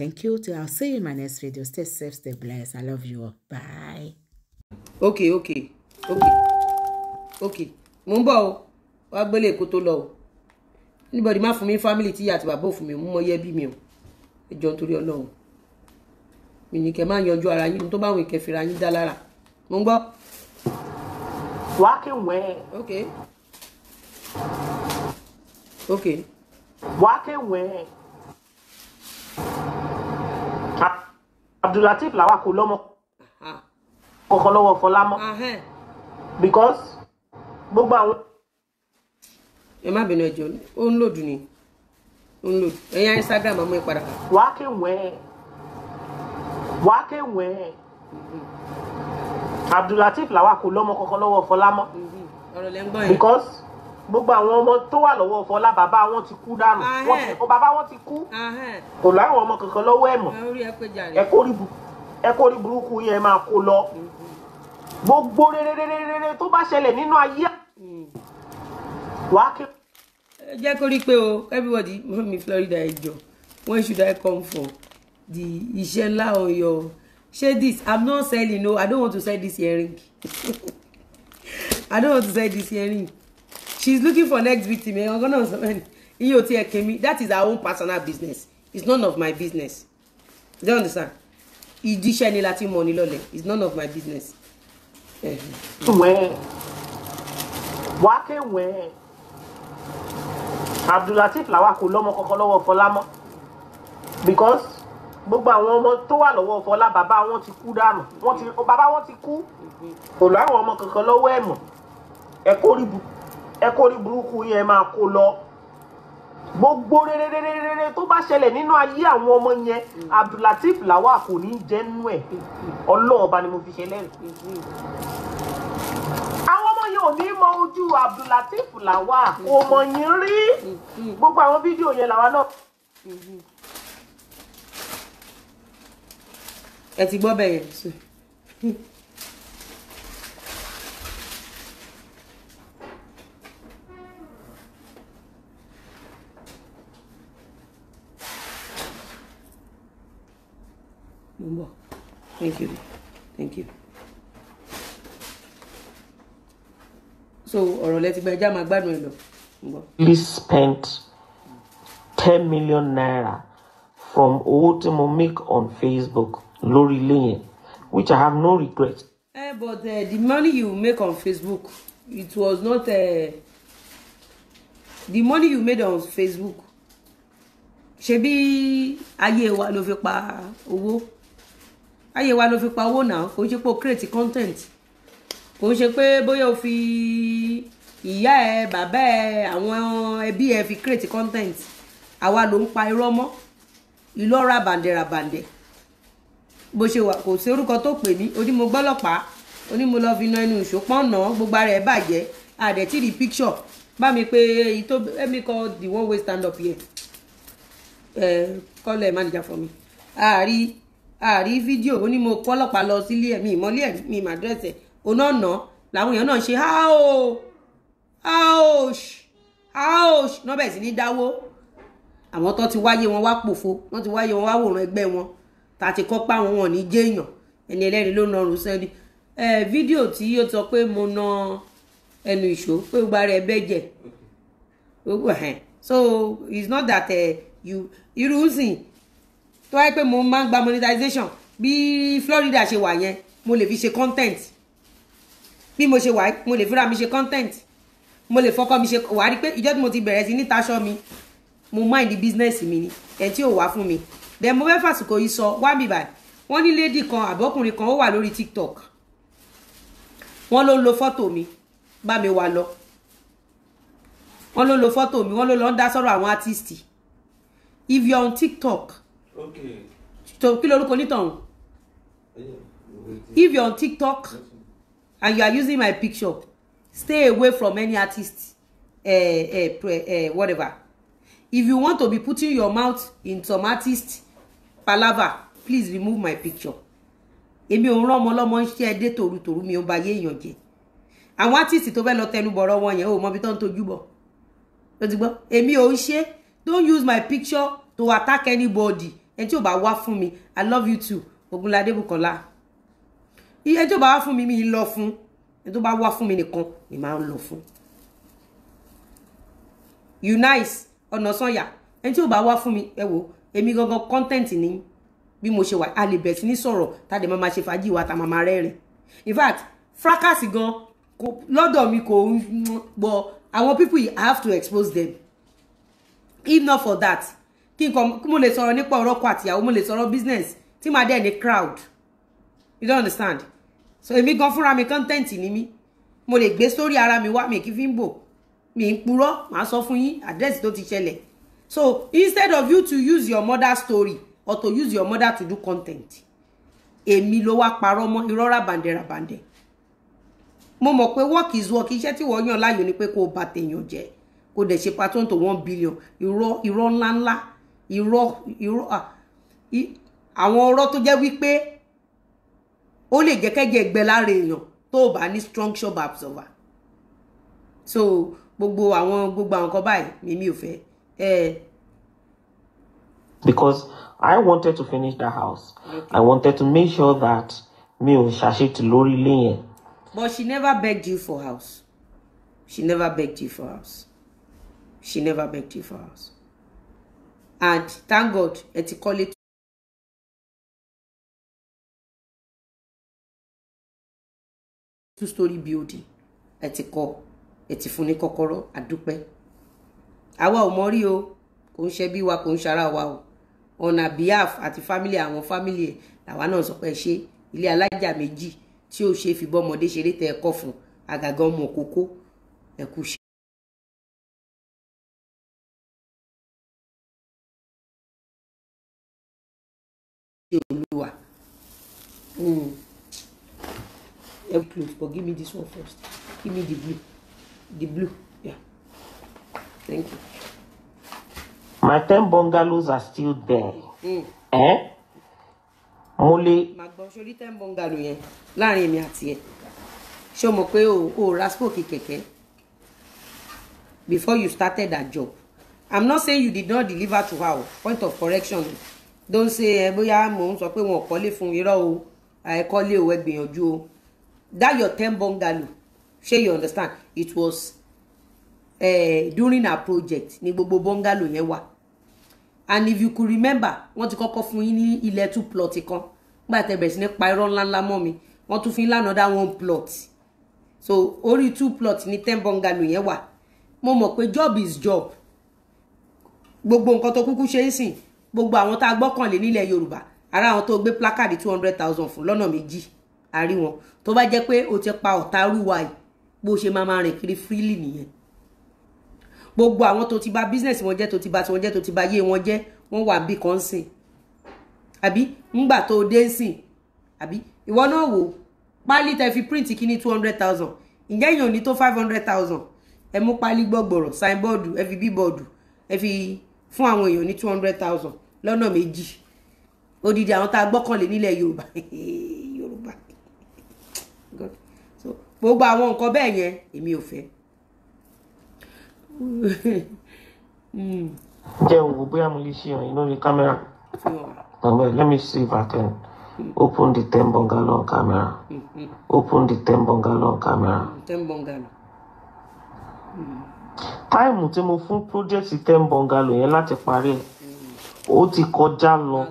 Thank you. Till I'll see you in my next video. Stay safe, stay blessed. I love you all. Bye. Okay, okay, okay, okay. Mo What bọ̀ o, wá gbélé Anybody má fún mi family tí ìyá àti bàbá ò fún mi, mo mọ yẹ́ bí mi o. Ẹ jọ nítorí Ọlọ́run. Mi ní kẹ́ máa yanjú ara yín tó bá wọn ìkẹ́ fira Okay. Okay. Wá kí Abdulatif làwa kò lọ́mọ kọ̀ọ̀kan lọ́wọ́ fọlámọ́ because gbogbo àwọn. ẹ má bínú ẹjọ ó ń lòdù ni ó ń lòdù ẹ̀yin instagram àmọ́ ẹ padà. wà á kéwọ̀n ẹ wà á kéwọ̀n ẹ mm-hmm. abdulateef làwa kò lọ́mọ kọ̀ọ̀kan lọ́wọ́ fọlámọ́ mm-hmm. because gbogbo àwọn ọmọ tó wà lọ́wọ́ Fọlá bàbá wọn ti kú dànù bàbá wọn ti kú kò láwọn ọmọ kankan lọ́wọ́ ẹ̀ mọ́ ẹ kó rí burúkú yẹn máa kó lọ gbogbo rere tó bá ṣẹlẹ̀ nínú ayé hmm. wàá kí. jẹ́ kó rí pé o everybody wọ́n mi Florida ẹ jọ when should I come for the iṣẹ́ ńlá on your ṣé this I'm not selling no I don't want to sell this earring I don't want to sell this earring she's looking for next victim ẹ eh? ọgọ́ náà sọ̀rọ̀ ẹni iye ò tiẹ̀ kémi that is her own personal business it's none of my business you don't understand ìdíṣẹ́ ni láti mọ̀ ní lọ́lẹ̀ it's none of my business. wẹ́ẹ́ wákẹ́ wẹ́ẹ́ abdulateef làwa kò lọ́mọ kankan lọ́wọ́ fọlámọ́ because gbogbo àwọn ọmọ tó wà lọ́wọ́ fọlá bàbá wọn ti kú dànù wọn ti bàbá wọn ti kú kò láwọn ọmọ kankan lọ́wọ́ ẹ̀ mọ̀ ẹ̀ kórìbù ẹ kó rí burúkú yẹn máa kó lọ gbogbo rere tó bá ṣẹlẹ̀ nínú ayé àwọn ọmọ yẹn Abdulateef Lawal kò ní jẹ́ nú ẹ̀ ọlọ́ọ̀ba ni mo fi ṣe lẹ́rìí ò ní mọ ojú Abdulateef Lawal kò mọ̀ yín rí gbogbo àwọn fídíò yẹn làwa náà. ẹ ti gbọ́ bẹ́ẹ̀ yẹn ń thank you thank you. so ọ̀rọ̀ lẹ́tí gba máa gbádùn ẹ̀ lọ. he spent ten million naira from owó tí mo make on Facebook lórí ilé yẹn which I have no regret. Eh, but uh, the money you make on Facebook it was not uh, the money you made on Facebook ṣebí ayé wa ló fi pa owó ayé wa ló fi pa owó náà kò ṣe pé o create content kò ṣe pé bóyá o fi ìyá ẹ bàbá ẹ àwọn ẹbí ẹ fi create content àwa ló ń pa irọ́ mọ́ ìlọ́ra bàǹdẹ̀ràbàǹdẹ̀ bó ṣe wà kò sí orúkọ tó pè mí ó ní mo gbọ́lọ́pàá ó mo lọ́ọ́ fi na ẹnu ìṣópọ̀n náà gbogbo ara ẹ̀ bàjẹ́ àdẹ̀tì rí picture bá mi pé èyí tó ẹ̀mí kọ the one way stand up here ẹ̀ kọ́lẹ̀ manager for me àárí. Ah, àrí fídíò ó ní mo kọ́ ọlọ́pàá lọ sílé ẹ̀ mi ìmọ̀lé ẹ̀ mi ìmọ̀ àdírẹ́sì ẹ̀ oná ọ̀nà làwọn èèyàn náà ṣe háò háòṣ háòṣ náà bẹ̀rẹ̀ sí ní dáwó àwọn tó ti wáyé wọn wá pòfo wọn ti wáyé wọn wá wòran ẹgbẹ́ wọn tá a ti kọ́ pa wọn wọn ní jéèyàn ẹni ẹlẹ́rìí ló nọrùn sẹ́ni ẹ fídíò tí ó sọ pé mo na ẹnu ìṣó pé gbogbo ara ẹ bẹ́jẹ̀ gbogbo so it's not that uh, you irú sìn tó wáyé pé mo máa ń gba monetization bí Florida ṣe wà yẹn mo lè fi ṣe content bí mo ṣe wà mo lè fira mi ṣe content mo lè fọkọ mi ṣe wà á rí pé ìjọ́ tí mo ti bẹ̀rẹ̀ sí ní taṣọ mi mo mind business mi ni ẹ̀ tí ò wá fún mi then mo fẹ́ fàsìkò yìí sọ wá bìbà wọ́n ní lady kan àbọ́kùnrin kan ó wà lórí TikTok wọ́n ló ń lo fọ́tò mi bá mi wà lọ wọ́n ló ń lo fọ́tò mi wọ́n ló lọ ń dá sọ̀rọ̀ àwọn artist if you are on TikTok Okay. To kilo lorúkọ onítàn eh, if you're on tiktok and you are using my picture stay away from any artist uh, uh, uh, whatever if you want to be putting your mouth in some artist palava please remove my picture Emi ò ń rán ọmọ ọlọ́mọ ń ṣe ẹdẹ mi ò bà yé èèyàn jẹ́ àwọn artist tó fẹ́ lọ tẹnu bọ̀rọ̀ wọn yẹn ò mọbi tó ń tojú bọ̀ ló ti gbọ́ èmi ò ń don't use my picture to attack anybody ẹni tí ò bá wá fún mi i love you too Ògúnládé Bùkọ́lá ẹni tí ò bá wá fún mi mi lọ fún ẹni tó bá wá fún mi nìkan ni màá lọ fún you nice ọ̀nà sànyà ẹni tí ò bá wá fún mi ẹ wò èmi gangan content ni bí mo ṣe wà a lè bẹ̀ sí ní sọ̀rọ̀ tá a dẹ̀ máa ṣe fàájì wa ta a máa rẹ́rìn in fact fracas gan lọ́dọ̀ mi kò ń gbọ́ àwọn people i have to expose them if not for that kí nǹkan mo lè sọ̀rọ̀ nípa ọ̀rọ̀ ọkọ àtìyàwó mo lè sọ̀rọ̀ business tí màá dẹ̀ ní crowd you don't understand so èmi gan fúnra mi content ni mí mo lè gbé sórí ara mi wá mi kì fi ń bò mi ń purọ́ màá sọ fún yín address tó ti ṣẹlẹ̀ so instead of you to use your mother story or to use your mother to do content èmi ló wá parọ́ mọ́ ìrọ́ra bàǹdẹ̀ràbàǹdẹ̀ mo mọ̀ pé work is work iṣẹ́ tí wọ́n yàn láàyò ni pé kó o jẹ́ kó dẹ̀ ṣe patron to one billion irọ́ irọ́ ńláńlá irọ́ irọ́ ah, àwọn ọ̀rọ̀ tó jẹ́ wípé ó lè jẹ́ kẹ́jẹ́ gbẹ lára èèyàn tó bá ní strong shop absorber so gbogbo àwọn gbogbo àwọn kan báyìí mímí ò fẹ́ because I wanted to finish that house okay. I wanted to make sure that mi ò ṣàṣetì lórí ilé yẹn. but she never begged you for house she never begged you for house she never begged you for house and thank God ẹ ti kọ́lé tó. two story building ẹ ti kọ́ ẹ ti fún ní kọ́kọ́rọ́ àdúpẹ́ àwa ò mọ̀ rí o kò ń ṣe bí wa kò ń ṣara wa o on her behalf àti family àwọn family ẹ làwa náà sọ pé ẹ ṣe ilé alájà méjì tí ò ṣe fìbọn ọmọdé ṣeré tẹ ẹ kọ́ fún àgàgà ọmọ òkókó ẹ kú ṣe. Olúwa. Mm. Help close, but give me this one first. Give me the blue. The blue. Yeah. Thank you. My ten bungalows are still there. Mm. Eh? Mo lè. Màgbọ́n sórí ten bungalow yẹn láàrin èmi àti ẹ̀. Ṣé o mọ̀ pé o ò ra spoke kẹ̀kẹ́? Before you started that job. I'm not saying you did not deliver to her. Oh, point of correction don ṣe ẹ bóyá mò ń sọ pé wọn ò kọ́lé fún irọ́ o àìkọ́lé o ẹ gbìyànjú o that your ten bungalow ṣé you understand it was uh, during our project ní gbogbo bungalow yẹn wà and if you could remember wọ́n ti kọ́kọ́ fún yín ní ilẹ̀ two plot kan nígbà tẹ́ bẹ̀rẹ̀ sí ní pa irọ́ ńláńlá mọ́ mi wọ́n tún fi lánàá dá one plot so only two plot ní ten bungalow yẹn wà mo mọ̀ pé job is job gbogbo nǹkan tó kúkú ṣe ń gbogbo àwọn tá a gbọ́kànlé nílẹ̀ yorùbá ara àwọn tó gbé plákàdì two hundred thousand fún lọ́nà méjì àrí wọn tó bá jẹ́ pé o ti pa ọ̀tá rúwa yìí bó ṣe máa máa rìn kiri freely nìyẹn gbogbo àwọn tó ti bà business wọn jẹ́ tó ti bà tiwọn jẹ́ tó ti bà yé wọn jẹ́ wọ́n wà bí kan sìn àbí ńgbà tó o dé ń sìn àbí ìwọ náà wò pálí tẹ fi print kíní two hundred thousand ǹjẹ́ èèyàn ní tó five hundred thousand ẹ mú pálí gbọ́gbọ̀rọ̀ signboard ẹ fi bíbọ̀dù ẹ fi fún àwọn èèyàn ní two hundred thousand lọ́nà méjì odidi àwọn tá a gbọ́kànlé nílẹ̀ yorùbá yorùbá so gbogbo àwọn nǹkan bẹ́ẹ̀ yẹn èmi ò fẹ́. Hmm. jẹ́ òwò bóyá mo lè ṣe ìrìn lórí kámẹ́rà let me see if I can open the ten bungalow camera hmm, hmm. open the ten bungalow camera. ten bungalow táìmù tí mo fún project ten bungalow yẹn láti parí ẹ̀ ó ti kọjá lọ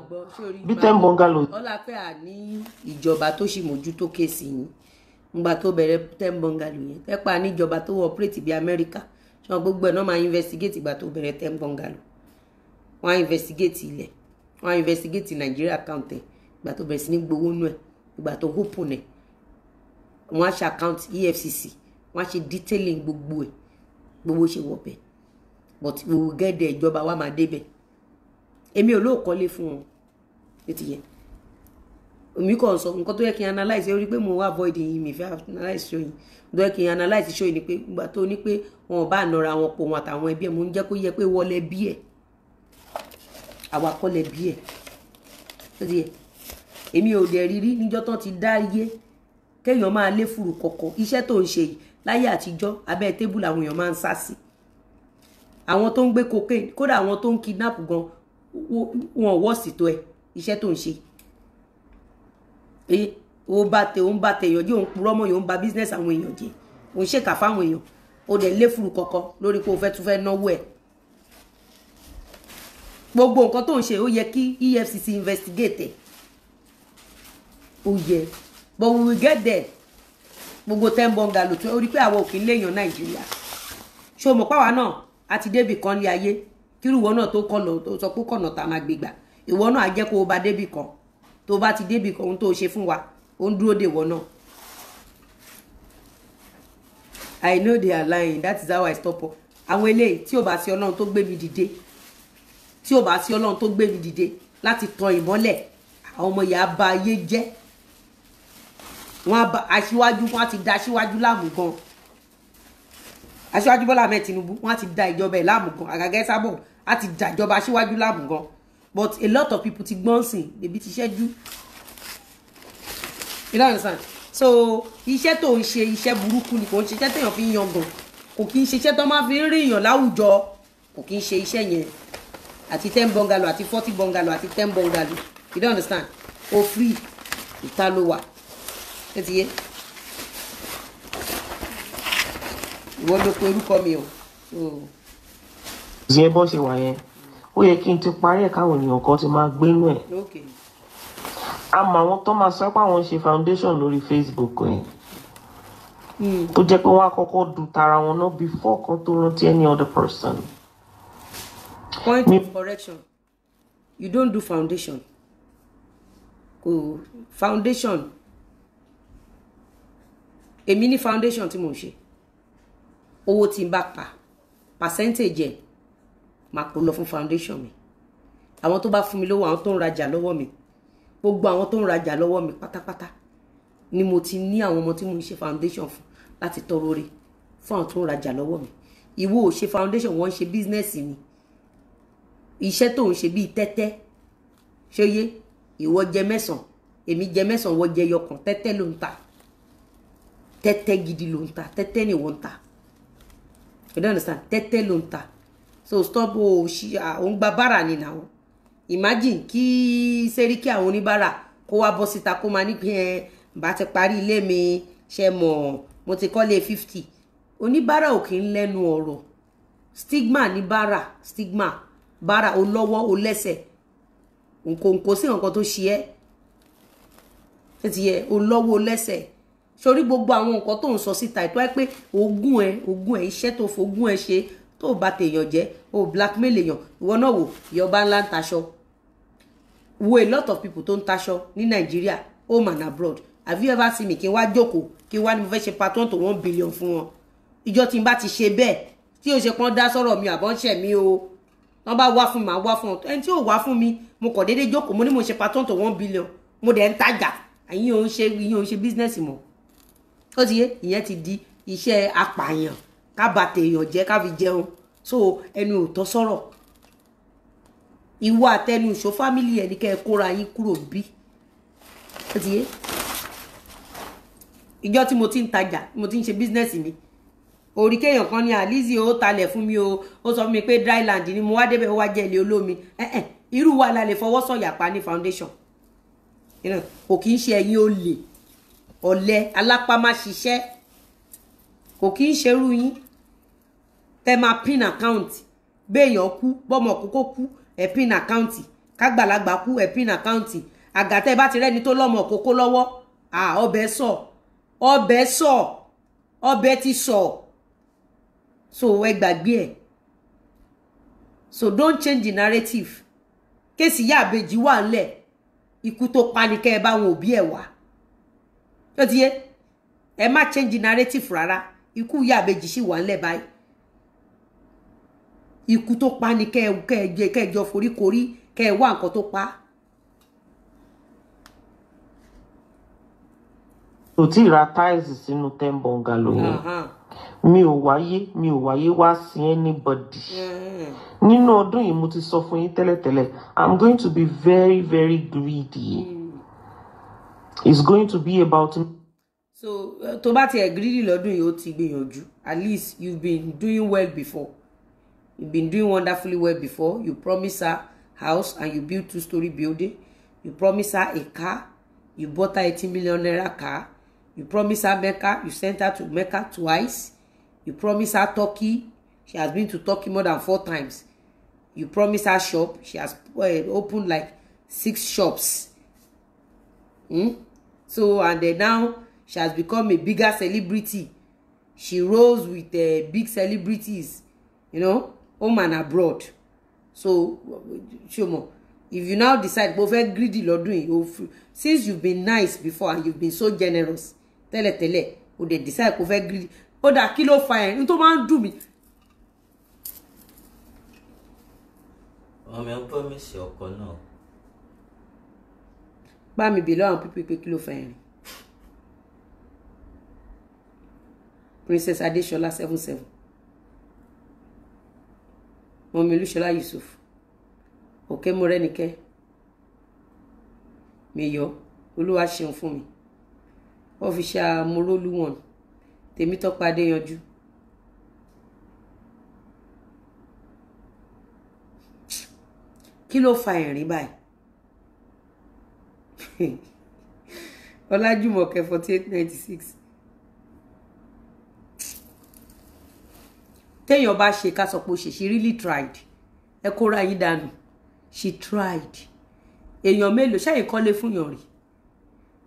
bí ten bungalow. ọlá pé a ní ìjọba tó ṣì mójútó kéèsì yìí ngbà tó bẹ̀rẹ̀ ten bungalow yẹn pẹ́pà níjọba tó wọ ọ̀pẹ́rẹ́tì bíi amẹ́ríkà ṣé wọn gbogbo ẹ̀ náà máa investigate ìgbà tó bẹ̀rẹ̀ ten bungalow wọn á investigate ilẹ̀ wọn á investigate Nigeria account ẹ̀ ìgbà tó bẹ̀rẹ̀ sí ní gbowó nú ẹ̀ ìgbà tó hópò nẹ̀ wọn á ṣe account efcc wọn á ṣe detailing gbogbo ẹ̀ gbowó ṣe wọbẹ̀ but gbowó gẹ́dẹ̀ ìjọba wa máa débẹ̀ èmi ò lóòkọ́lé fún wọn ètò yẹn èmi kàn sọ nǹkan tó yẹ kí n analyse orí pé mo wá avoid yìí mi fẹ́ analyse show yìí tó yẹ kí n analyse show yìí ni pé ìgbà tó ní pé wọn ò bá nọra wọn pọ̀ wọn àtàwọn ẹbí ẹ̀ mo ń jẹ́ kó yẹ pé wọlé bí ẹ̀ àwa kọ́ lẹ bí ẹ̀ èmi ò dẹ̀ rírí níjọ́ tán ti dá yé kéèyàn máa lé fùrù kọ̀kọ̀ iṣẹ́ tó ń ṣe yìí láyé àtijọ́ abẹ́ tébùlù àwọn èèyàn máa ń sá sí àwọn tó ń gbé cocaine kódà àwọn tó ń kidnap gan wọn wọ́ sí tó ẹ iṣẹ́ tó ń ṣe ó bá tẹ ó ń bá tẹyàn jẹ òun purọ́ mọ́ yòó ń ba business àwọn èèyàn jẹ òun ṣèkà fáwọn èèyàn ó dẹ̀ lé fùrù kọ̀kọ̀ lórí pé o fẹ́ tún fẹ́ náwó ẹ̀ gbogbo nǹkan tó ń ṣe ó yẹ kí EFCC investigate ẹ̀ ó yẹ but we will get there gbogbo ten bonga lò tó orí pé àwọn òkè léèyàn nàìjíríà ṣé o mọ̀ páwa náà a ti débì kan lé ayé kírùwọ́ náà tó kọ̀nà tó sọ pé kọ̀nà tá a máa gbégbà ìwọ náà á jẹ́ kó o bá débì kan tó bá ti débì kan ohun tó o ṣe fún wa ó ń dúró dè wọ I know they are lying that is how I stop up àwọn eléyìí tí ò bá sí ọlọ́run tó gbé mi dìde tí ò bá sí ọlọ́run tó gbé mi dìde láti tan ìmọ́lẹ̀ àwọn ọmọ ìyá bá ayé jẹ́ wọn bá aṣíwájú wọn ti da aṣíwájú láàmú gan aṣíwájú bọ́lá ahmed tinubu wọn ti da ìjọba ẹ̀ láàmú gan àgàgẹ́ sábọ̀ á ti da ìjọba aṣíwájú láàmú gan but a lot of people ti gbọ́n sìn bèbí ti ṣẹ́jú you know what i'm saying so iṣẹ́ tó ń ṣe iṣẹ́ burúkú ni kò ń ṣiṣẹ́ téèyàn fi ń yan gan kò kí ń ṣiṣẹ́ tó máa fi ń rí èèyàn láwùjọ kò kí ń ṣe iṣẹ́ yẹn àti ten bungalow àti forty bungalow àti ten bungalow you don't understand o free ìta ló wà ó ti yé ìwọ ló pe orúkọ mi o. ìyẹn bó ṣe wà yẹn ó yẹ kí n ti parí ẹ̀ káwọn ènìyàn kan ti máa gbénú ẹ̀ a mọ àwọn tó máa sọ pé àwọn ń ṣe foundation lórí Facebook ẹ̀ hmm. tó jẹ́ pé wọ́n á kọ́kọ́ du tara wọn náà before kan tó rántí any other person. point of correction you don't do foundation Oh, foundation èmi ní foundation tí mò ń ṣe owó tí n bá pa percentage ẹ̀ máa kó lọ fún foundation mi àwọn tó bá fún mi lówó àwọn tó ń rajà lọ́wọ́ mi gbogbo àwọn tó ń rajà lọ́wọ́ mi pátápátá ni mo ti ní àwọn ọmọ tí mo ń ṣe foundation fún láti tọrọ rẹ̀ fún àwọn tó ń rajà lọ́wọ́ mi ìwọ ò ṣe foundation wọ́n ń ṣe business ni iṣẹ́ tó ń ṣe bíi tẹ́tẹ́ ṣóyé ìwọ jẹ mẹ́sàn-án èmi jẹ mẹ́sàn-án wọ́n jẹ yọkàn tẹ́tẹ́ ló ń ta Tete gidi ló ń ta tẹ́tẹ́ ni wọ́n ta you don't understand Tete ló ta so stop o oh, ṣí ah, àwọn gba bára ni náà imagine ki sẹ́ríkì àwọn oníbàárà kó wá bọ́ síta kó máa ní pé ẹ bá ti parí ilé mi ṣe mọ̀ mo ti kọ́lé fifty oníbàárà ò kì í lẹ́nu ọ̀rọ̀ stigma ní bára stigma bara o lọ́wọ́ o lẹ́sẹ̀ nǹkan kò sí nǹkan tó ṣe ẹ́ ṣe ti yẹ o lọ́wọ́ o sórí gbogbo àwọn nǹkan tó ń sọ síta ìtọ́ ẹ pé ogún ẹ ogún ẹ iṣẹ́ tó fogún ẹ ṣe tó o bá tèèyàn jẹ́ o blackmail èèyàn ìwọ náà wò ìyọba ńlá ń taṣọ wo a lot of people tó ń taṣọ ní nàìjíríà home and abroad have you ever seen me kí n wá jókòó kí n wá ní mo fẹ́ ṣe patron tó one billion fún wọn ìjọ tí n bá ti ṣe bẹ́ẹ̀ tí o ṣe pọ́n dá sọ̀rọ̀ mi àbọ̀ ń ṣẹ̀ mí o wọ́n bá wá fún mi àá wá fún ọ ẹni tí ò wá fún mi mo kọ̀ déédéé jókòó mo ní mo ṣe patron tó one billion mo dẹ̀ ń tajà ẹ̀yin ò ń ṣe ẹ̀yin ò ń ṣe bísínẹ́sì mọ́ ó ti yé ìyẹn ti di iṣẹ́ apààyàn ká bà tèèyàn jẹ́ ká fi jẹun so ẹnu ò tọ́ sọ̀rọ̀ ìwọ àtẹnu ìṣó fámìlì ẹni kẹ́ ẹ kóra yín kúrò bí ó ti yé ìjọ tí mo ti ń tajà mo ti ń ṣe bísínẹ́sì mi orí kan ní Lizzy ó talẹ̀ fún mi o ó sọ fún mi pé dryland ni mo wá débẹ̀ wá jẹ́ ilé olómi irú wa la lè fọwọ́ sọ̀yà pa ní foundation kò kì í ṣe ẹ̀yin olè ọ̀lẹ alápámáṣiṣẹ́ kò kí ń ṣerú yín tẹ máa pin account béèyàn kú bọ́mọ kókó kú ẹ pin account kágbàlagbà kú ẹ pin account àgàtẹ bá ti rẹ́ni tó lọ́mọ kókó lọ́wọ́ à ọbẹ̀ sọ ọbẹ̀ sọ ọbẹ̀ ti sọ so ẹ gbàgbé ẹ so don't change the narrative kéèsì yá àbèjì wà ńlẹ̀ ikú tó panikẹ́ ẹ bá wọn òbí ẹ̀ wá ó ti yé ẹ má change narrative rárá ikú ìyá àbejì sì wà ńlẹ̀ báyìí ikú tó pa ni kẹ foríkorí kẹ nǹkan tó pa. kò tí ì ra táìsì sínú ten bungalow yẹn mi ò wáyé mi ò wáyé wá sí anybody nínú ọdún yìí mo ti sọ fún yín tẹ́lẹ̀tẹ́lẹ̀ i'm going to be very very greedy. Mm it's going to be about. so eh, tó bá tiẹ̀ gírídì lọ́dún yìí ó ti gbìyànjú at least you've been doing well before you've been doing wonderfully well before you promise her house and you build two story building you promise her a car you bought her eighty million naira car you promise her Mecca you sent her to Mecca twice you promise her Turkey she has been to Turkey more than four times you promise her shop she has eh, opened like six shops hmm? so and then now she has become a bigger celebrity she rose with uh, big celebrities you know home and abroad so ṣomo if you now decide pé o fẹ́ greedy lọ́dún yìí o since you been nice before and you been so generous tẹ́lẹ̀tẹ́lẹ̀ o dey decide pé o fẹ́ greedy ó dà kí ló fa ẹ̀ n tó máa ń dùn mí. ọmọ ẹ promise ọkọ náà bá mi bì lọ́wọ́ pípé pé kí ló fẹ́ rìn princess adesola seven seven mọ̀mí olúṣọlá yusuf òkè mọ́rẹ́nikẹ́ mẹ́yọ olúwa ṣeun fún mi ọ́fíṣà mọ́rọ́lùwọ̀n tèmítọ́pọ̀ adéyanjú kí ló fa ẹ̀rín báyìí ọlájúmọ̀kẹ́ forty eight ninety six téèyàn bá ṣe ká sọ pé ó she really tried ẹ kóra yín dànù she tried èèyàn mélòó ṣáà ìkọ́lé fún yàn rí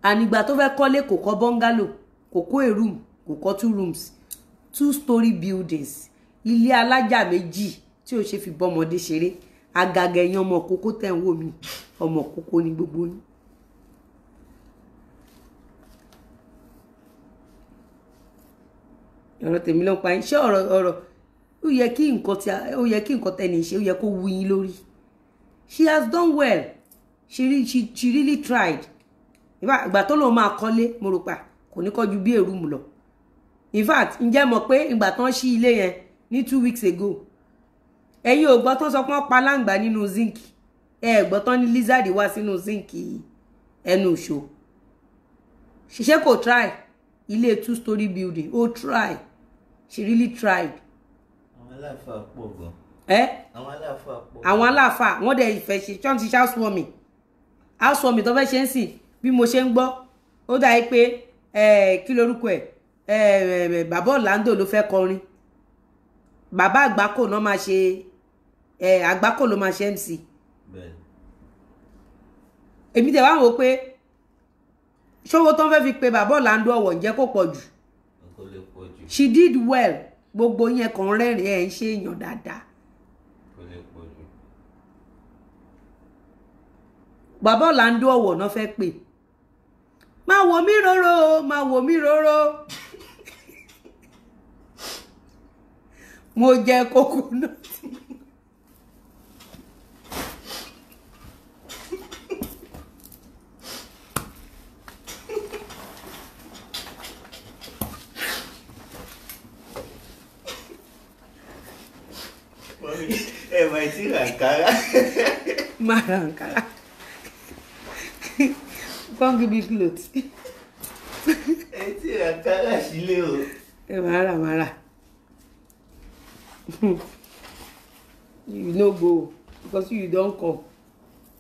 ànìgbà tó fẹ́ kọ́lé kò kọ́ bọ́ngálò kò kọ́ a room kò kọ́ two rooms two story buildings ilé alájà meji. tí o ṣe fi bọ́mọdé ṣeré àgàgà ẹ̀yin ọmọ kókó tẹ̀ ń wò mí ọmọ ni gbogbo yín ọ̀rọ̀ tèmi ló ń pa yín ṣé ọ̀rọ̀ ọ̀rọ̀ ó yẹ kí nǹkan tí ó yẹ kí nǹkan tẹ́ni ṣe ó yẹ kó wu yín lórí she has done well she, she, she really tried ìgbà tó lóun máa kọ́lé mo rò pa kò ní kọ́ bí èrú mu lọ in fact ǹjẹ́ mọ̀ pé ìgbà tán ṣí ilé yẹn ní two weeks ago ẹ̀yin ò gbọ́ tán sọ pé wọ́n pa láǹgbà nínú zinc ẹ̀ gbọ́ tán ní lizard wá sínú zinc ẹnu ìṣó ṣiṣẹ́ kò try ilé two story building ó try she really tried. àwọn aláàfáà pọ̀ gan. ẹ àwọn aláàfáà pọ̀. àwọn aláàfáà wọ́n dẹ̀ ìfẹ́ ṣe tí wọ́n ti ṣe housewarming housewarming tó fẹ́ ṣe ń sìn bí mo ṣe ń gbọ́ ó dà pé kí lorúkọ ẹ̀ bàbá Orlando ló fẹ́ kọrin bàbá àgbákò náà máa ṣe àgbákò ló máa ṣe MC. èmi tẹ̀ wá wò pé ṣòwò tó ń fẹ́ fi pe bàbá Orlando ọ̀wọ̀ ǹjẹ́ kò pọ̀ jù she did well gbogbo yẹn kàn rẹ́rìn ẹ̀ ń ṣe èèyàn dáadáa. bàbá ọ̀làǹdó ọ̀wọ̀ náà fẹ́ pè má wò mí róró má wò mí róró mo jẹ kókó náà. mọ́mí ẹ mọ etí ràǹkárá. má ràǹkárá come give me cloth. etí ràǹkárá sílé o. ẹ má rà má rà you no go because you don't come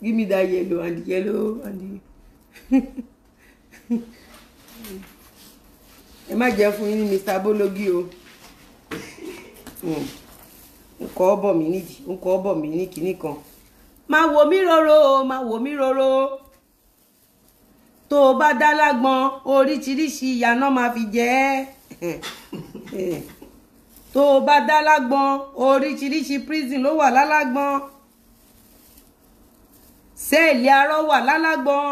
give me that yellow and the yellow and the. ẹ má jẹ́ fún yín ní mr bologi o. Mm nǹkan ọbọ̀ mi nídìí nǹkan ọbọ̀ mi ní kinní kan máa wò mí roro máa wò mí roro tó o bá dá lágbọn oríṣiríṣi ìyànà máa fi jẹ ẹ́ tó o bá dá lágbọn oríṣiríṣi prison ló wà lálágbọn sẹ́ẹ̀lì arọ́ wà lálágbọn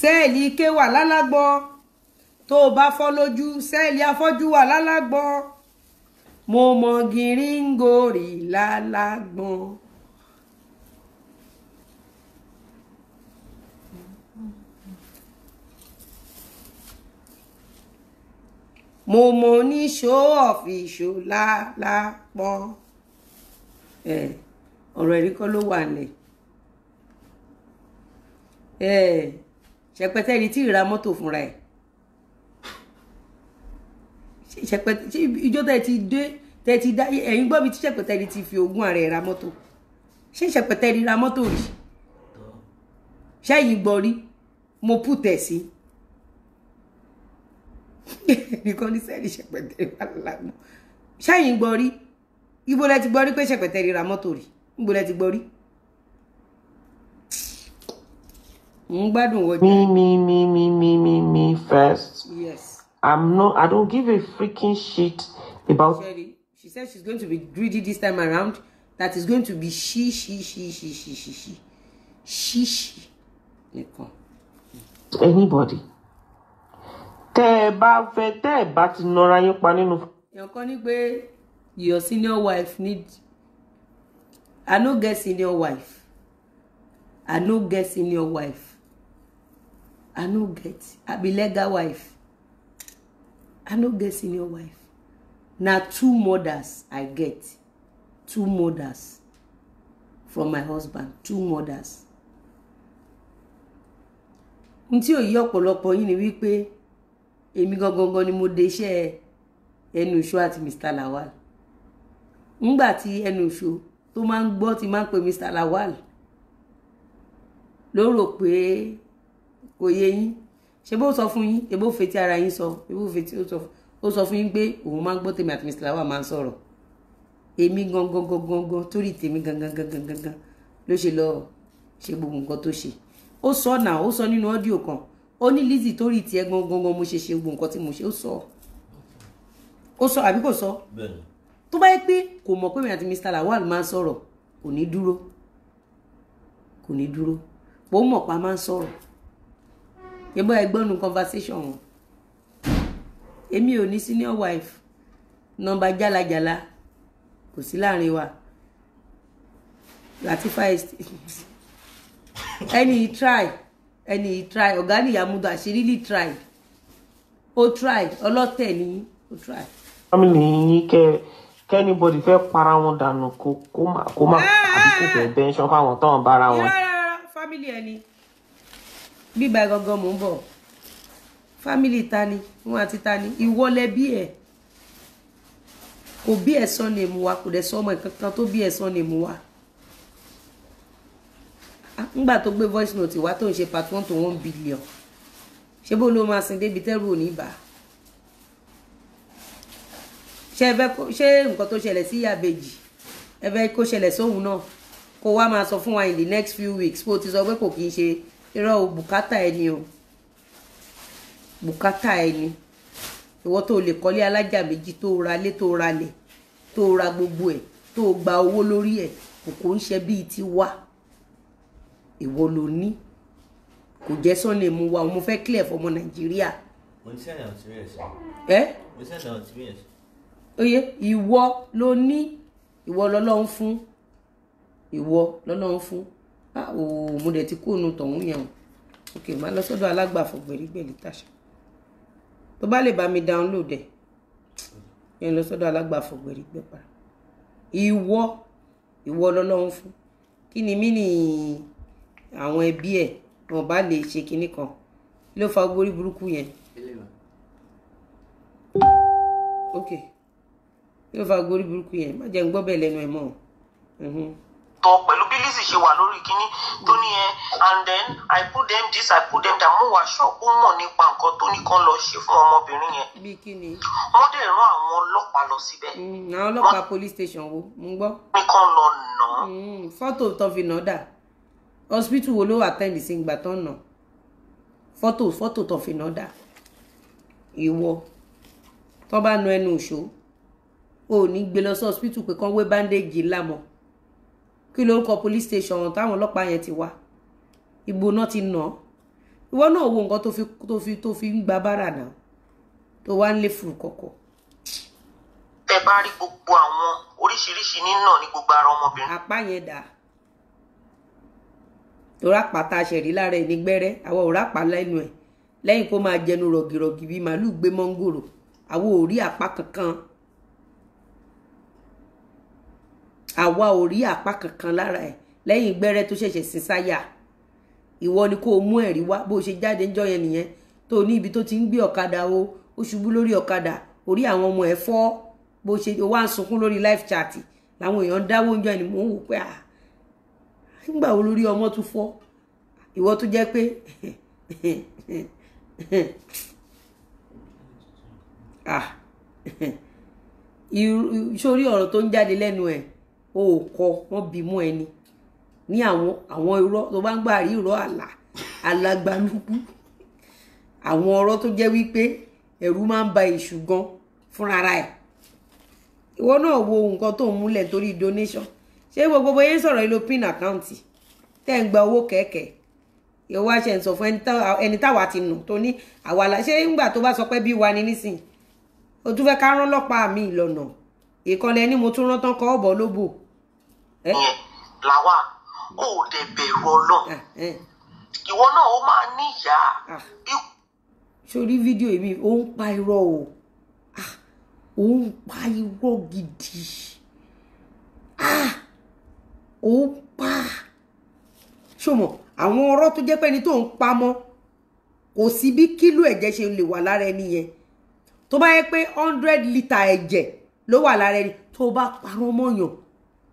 sẹ́ẹ̀lì ike wà lálágbọn tó o bá fọ́ lójú sẹ́ẹ̀lì afọ́jú wà lálágbọn mo mọ gíríngòrì lálágbọn. mo mọ oníṣó ọ̀fìṣó lálápọn. ọ̀rọ̀ ẹ̀rí kọ́ ló wà ní. ṣẹpẹtẹ ni tí ì ra mọ́tò fúnra ẹ̀ ṣẹpẹtẹ ìjọ tẹ ti dé tẹ ti dá ẹ̀yin gbọ́ bí tí ṣẹpẹtẹ ti fi ogún ààrẹ ra mọ́tò ṣé ṣẹpẹtẹ ra mọ́tò rí ṣẹ́yìn gbọ́ mo pù tẹ̀ sí nìkan ní sẹ́ẹ̀lì ṣẹpẹtẹ wà lánà ṣẹ́yìn gbọ́ rí ibo lẹ ti gbọ́ pé ṣẹpẹtẹ ra mọ́tò rí ibo lẹ ti gbọ́ ń gbádùn wọjọ. mi mi mi mi mi mi first. yes. I'm not. I don't give a freaking shit about. Sherry, she said she's going to be greedy this time around. That is going to be she, she, she, she, she, she, she, she, she. Anybody. your senior wife need I no get senior wife. I no get senior wife. I no get. I be legal wife i no get senior wife na two mothers i get two mothers from my husband two mothers n tí ò yí ọ̀pọ̀lọpọ̀ yín ni wípé èmi gangan ni mo de iṣẹ́ ẹnu ìṣó àti mr lawal ńgbà ti enu ìṣó to máa ń gbọ́ ti máa ń pe mr lawal ló rò pé kò yé yín ṣé bó sọ fún yín ebó fetí ara yín sọ ebó fetí ó sọ fún yín pé òun máa ń gbọ́ tèmi àti mr lawa máa ń sọ̀rọ̀ èmi gangan gangan gangan torí tèmi gangan gangan gangan ló ṣe lọ ṣe gbogbo nǹkan tó ṣe ó sọ náà ó sọ nínú ọ́díò kan ó ní Lizzy torí tiẹ̀ gangan gangan mo ṣe ṣe gbogbo nǹkan tí mo ṣe ó sọ ó sọ àbí kò sọ tó bá yẹ pé kò mọ̀ pé mi àti mr lawal máa ń sọ̀rọ̀ kò ní dúró kò ní dúró mo mọ̀ pa máa ń sọ̀rọ̀ ìbọn ẹgbọ́nu conversation wọn èmi ò ní senior wife nọ́mbà jálajàla kò sí láàrin wa latifa ẹni yìí try ẹni yìí try ọ̀gá nìyá mudu àṣírí lè try ó try ọlọ́tẹ̀ ni ó try. family yín kẹ anybody fẹ́ para wọn dànù kó má ah! àbí kò fẹ́ bẹ́ńsán fáwọn tó ń bára wọn. family ẹni bíbá gangan mò ń bọ̀ fámìlì tani wọn àti tani ìwọ lẹ bí ẹ kò bí ẹ sọ ni èmu wa kò dẹ̀ sọ ọmọ kankan tó bí ẹ sọ ni èmu wa ngbà tó gbé voice note wá tó ń ṣe part one to one billion ṣé bó ló máa sin débi tẹ́rù ò ní bà ṣé nǹkan tó ṣẹlẹ̀ sí ìyàbejì ẹ kó ṣẹlẹ̀ sóhun náà kó wá máa sọ fún wa in the next few weeks bó ti sọ pé kò kí ń ṣe irọ́ o bùkátà ẹni o bùkátà ẹni ìwọ tó lè kọ́lé alájà méjì tó ra lé tó ra lẹ̀ tó ra gbogbo ẹ̀ tó gba owó lórí ẹ̀ kòkó ń ṣe bíi ti wá ìwọ ló ní kò jẹ́ Sunday mú wa mo fẹ́ clear fọmọ Nàìjíríà. ẹ oye ìwọ ló ní ìwọ lọ́lọ́run fún ìwọ lọ́lọ́run fún ooo mo dẹ̀ ti kúrò nù tọ̀hún yẹn o ok màá lọ sọ́dọ̀ alágbàfọ̀ gbèrígbèrí tàṣà tó bá lè bá mi download ẹ̀ yẹn lọ sọ́dọ̀ alágbàfọ̀ gbèrígbè pa ìwọ ìwọ lọ́lọ́run fún kí ni mí ni àwọn ẹbí ẹ̀ wọn bá lè ṣe kinní kan ló fa gbórí burúkú yẹn ok ló fa gbórí burúkú yẹn má jẹ́ ń gbọ́ bẹ́ẹ̀ lẹ́nu ẹ̀ mọ́ o tọ pẹ̀lú bí Lizzy ṣe wà lórí kínní tó ní yẹn and then I put them this I put them that mo wà ṣọ́ọ̀bù mọ̀ nípa nǹkan tó ní kán lọ ṣe fún ọmọbìnrin yẹn wọ́n dẹ̀ rán àwọn ọlọ́pàá lọ síbẹ̀. Mm, àwọn ọlọ́pàá police station wo mo gbọ́. ní kán lọ nà. fọ́tò mm, tó fi nà dà hospital wo ló wà tẹ́ǹdì sí ìgbà tó nà fọ́tò fọ́tò tó fi nà dà ìwọ tó bá nu ẹnu ìṣó o ò ní gbé lọ sí hospital pé kán wé bandage ńlá kí lórúkọ police station táwọn ọlọ́pàá yẹn ti wá ìgbò náà ti nà ìwọ náà wo nǹkan tó fi tó fi tó fi ń gba bára náà tó wá ń lé fùrù kọ̀kọ̀. tẹ bá rí gbogbo àwọn oríṣiríṣi nínà ní gbogbo ara ọmọbìnrin. apá yẹn dà torí àpáta aṣẹ̀rí lára ẹ̀ ní gbẹ́rẹ́ àwọn òrà pa lẹ́nu ẹ̀ lẹ́yìn kó máa jẹnu rọ̀gìrọ̀gì bíi màálù gbé mọ́ngòrò àwọn ò rí apá kankan àwa ò rí àpá kankan lára ẹ̀ lẹ́yìn gbẹ́rẹ́ tó ṣẹ̀ṣẹ̀ sí sáyà ìwọ ni kó o mú ẹ̀rí wá bó o ṣe jáde ńjọ́ yẹn nìyẹn tó ní ibi tó ti ń gbé ọ̀kadà o ó ṣubú lórí ọ̀kadà orí àwọn ọmọ ẹ̀ fọ́ bó ṣe wá ń sunkún lórí live chat làwọn èèyàn ń dáwó oúnjẹ ni mò ń wò pé à ah, nígbà wo lórí ọmọ tún fọ́ ìwọ tó jẹ́ pé sórí ah, ọ̀rọ̀ tó ń jáde lẹ́nu ẹ̀ o ò kọ wọ́n bí mọ́ ẹni ní àwọn àwọn irọ́ tó bá ń gbà rí irọ́ àlà alágbálúkú àwọn ọ̀rọ̀ tó jẹ́ wípé ẹ̀rù máa ń ba èṣù gan fúnra ẹ̀ ìwọ náà wo nǹkan tó ń múlẹ̀ torí donation ṣé gbogbo bóyá ń sọ̀rọ̀ ìlò pin account tẹ́ ń gba owó kẹ̀kẹ́ ìwọ àṣẹ ń sọ fún ẹni táwa ti nù tó ní àwa la ṣé ńgbà tó bá sọ pé bí wa ni nísìnyí o tún fẹ́ ká rán lọ́pàá mi lọ́nà ìkànnì ẹni mo tún rán tán kọ́ ọ̀bọ̀ lóbò yẹn làwà kò dẹ̀ bẹ̀rù ọlọ́run ìwọ náà ó máa níyà. Ah. sórí fídíò yìí ó ń pa irọ́ o ah, ó ń pa irọ́ gidi ah, ó ń pa ṣọmọ àwọn ọ̀rọ̀ tó jẹ́ pé ẹni tó ń pa mọ́ kò sí bí kílò ẹ̀jẹ̀ ṣe lè wà lára ẹni yẹn tó bá yẹ pé hundred litre ẹ̀jẹ̀ ló wà lára ẹni tó bá parọ́ mọ́yàn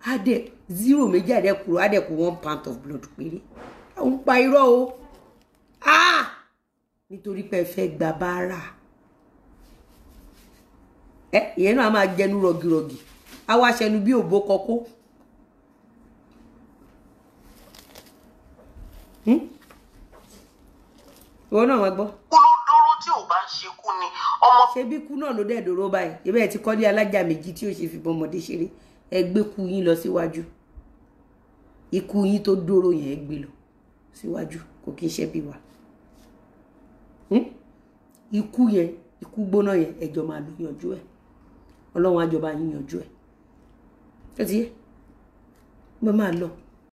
á dẹ̀ zero méjì àdẹ́kùrọ̀ àdẹ́kù one pound of blood péré àwọn pa irọ́ o nítorí pé ẹ fẹ́ gba báárà ẹ ìyẹn náà a máa jẹnu rọgìrọgì a wá ṣẹnu bí òbó kọkó ìwọ náà wọn gbọ́. olóró tí ò bá ń ṣekú ni ọmọ. ṣebí kú náà ló dẹ̀ dòró báyìí ìbẹ́ẹ̀ ti kọ́lé alájà méjì tí ó ṣe fi bọ́mọdé ṣeré ẹ gbé kú yín lọ síwájú. Si ikú yín tó dúró yẹn gbé lọ síwájú kò kí n ṣe bí wa hmm? ikú yẹn ikú gbóná yẹn ẹjọ máa lọ yanjú ẹ Ọlọ́run àjọba yín yanjú ẹ ẹ ti yẹ mo máa lọ